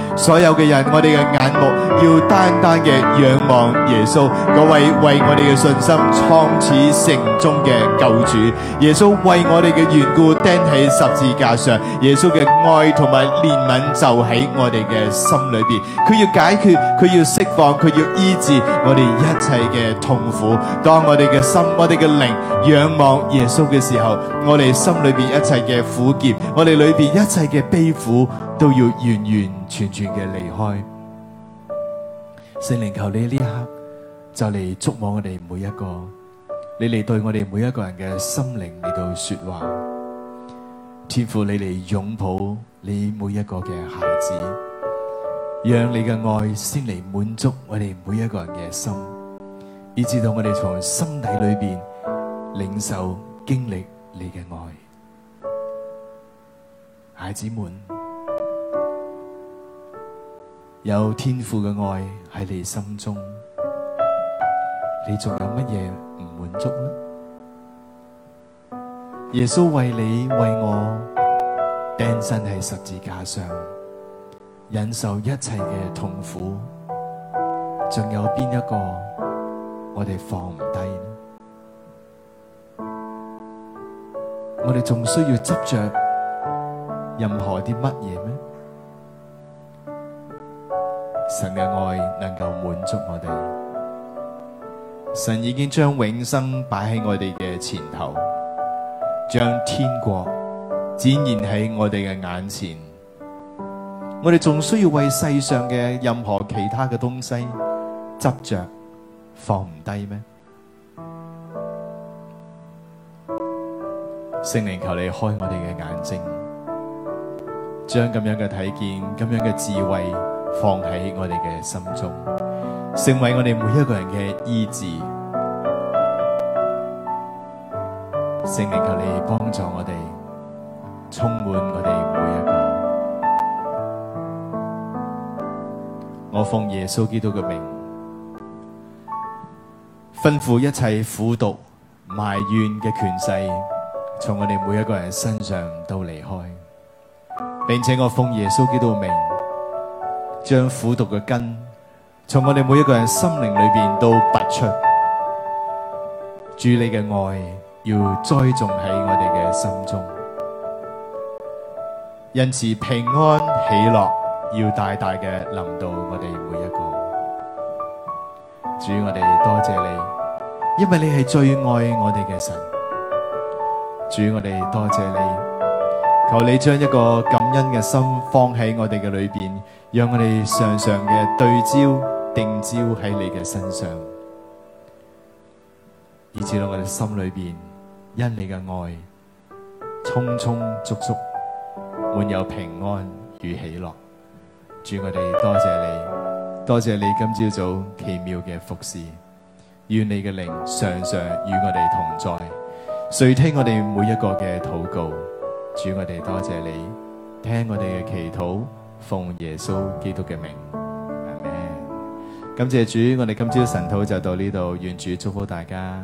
Speaker 1: 所有嘅人，我哋嘅眼目要單單嘅仰望耶穌，嗰位為我哋嘅信心創始成終嘅救主。耶穌為我哋嘅緣故釘喺十字架上，耶穌嘅愛同埋憐憫就喺我哋嘅心裏邊。佢要解決，佢要釋放，佢要醫治我哋一切嘅痛苦。當我哋嘅心、我哋嘅靈仰望耶穌嘅時候，我哋心裏邊一切嘅苦澀，我哋裏邊一切嘅悲苦，都要遠遠，全全嘅離開。聖靈，求你呢一刻就嚟觸摸我哋每一個，你嚟對我哋每一個人嘅心靈嚟到說話，天父你嚟擁抱你每一個嘅孩子，讓你嘅愛先嚟滿足我哋每一個人嘅心，以至到我哋從心底裏邊領受經歷你嘅愛，孩子們。有天父嘅愛喺你心中，你仲有乜嘢唔滿足呢？耶穌為你為我釘身喺十字架上，忍受一切嘅痛苦，仲有邊一個我哋放唔低呢？我哋仲需要執着任何啲乜嘢？神嘅愛能夠滿足我哋，神已經將永生擺喺我哋嘅前頭，將天國展現喺我哋嘅眼前。我哋仲需要為世上嘅任何其他嘅東西執着，放唔低咩？聖靈，求你開我哋嘅眼睛，將咁樣嘅睇見，咁樣嘅智慧，放喺我哋嘅心中，成為我哋每一個人嘅醫治。聖靈求你幫助我哋，充滿我哋每一個人。我奉耶穌基督嘅名，吩咐一切苦毒埋怨嘅權勢，從我哋每一個人身上都離開，並且我奉耶穌基督嘅名。將苦毒嘅根從我哋每一個人心靈裏面都拔出，主你嘅愛要栽種喺我哋嘅心中，因此平安喜樂要大大嘅臨到我哋每一個。主我哋多謝你，因為你係最愛我哋嘅神。主我哋多謝你，求你將一個感恩嘅心放喺我哋嘅裏面。讓我哋常常嘅對焦、定焦喺你嘅身上，以至到我哋心裏邊，因你嘅愛，充充足足，滿有平安與喜樂。主我哋多謝你，多謝你今朝早奇妙嘅服侍，願你嘅靈常常與我哋同在，垂聽我哋每一個嘅禱告。主我哋多謝你，聽我哋嘅祈禱。奉耶穌基督嘅名，阿們，感謝主，我哋今朝神禱就到呢度，願主祝福大家。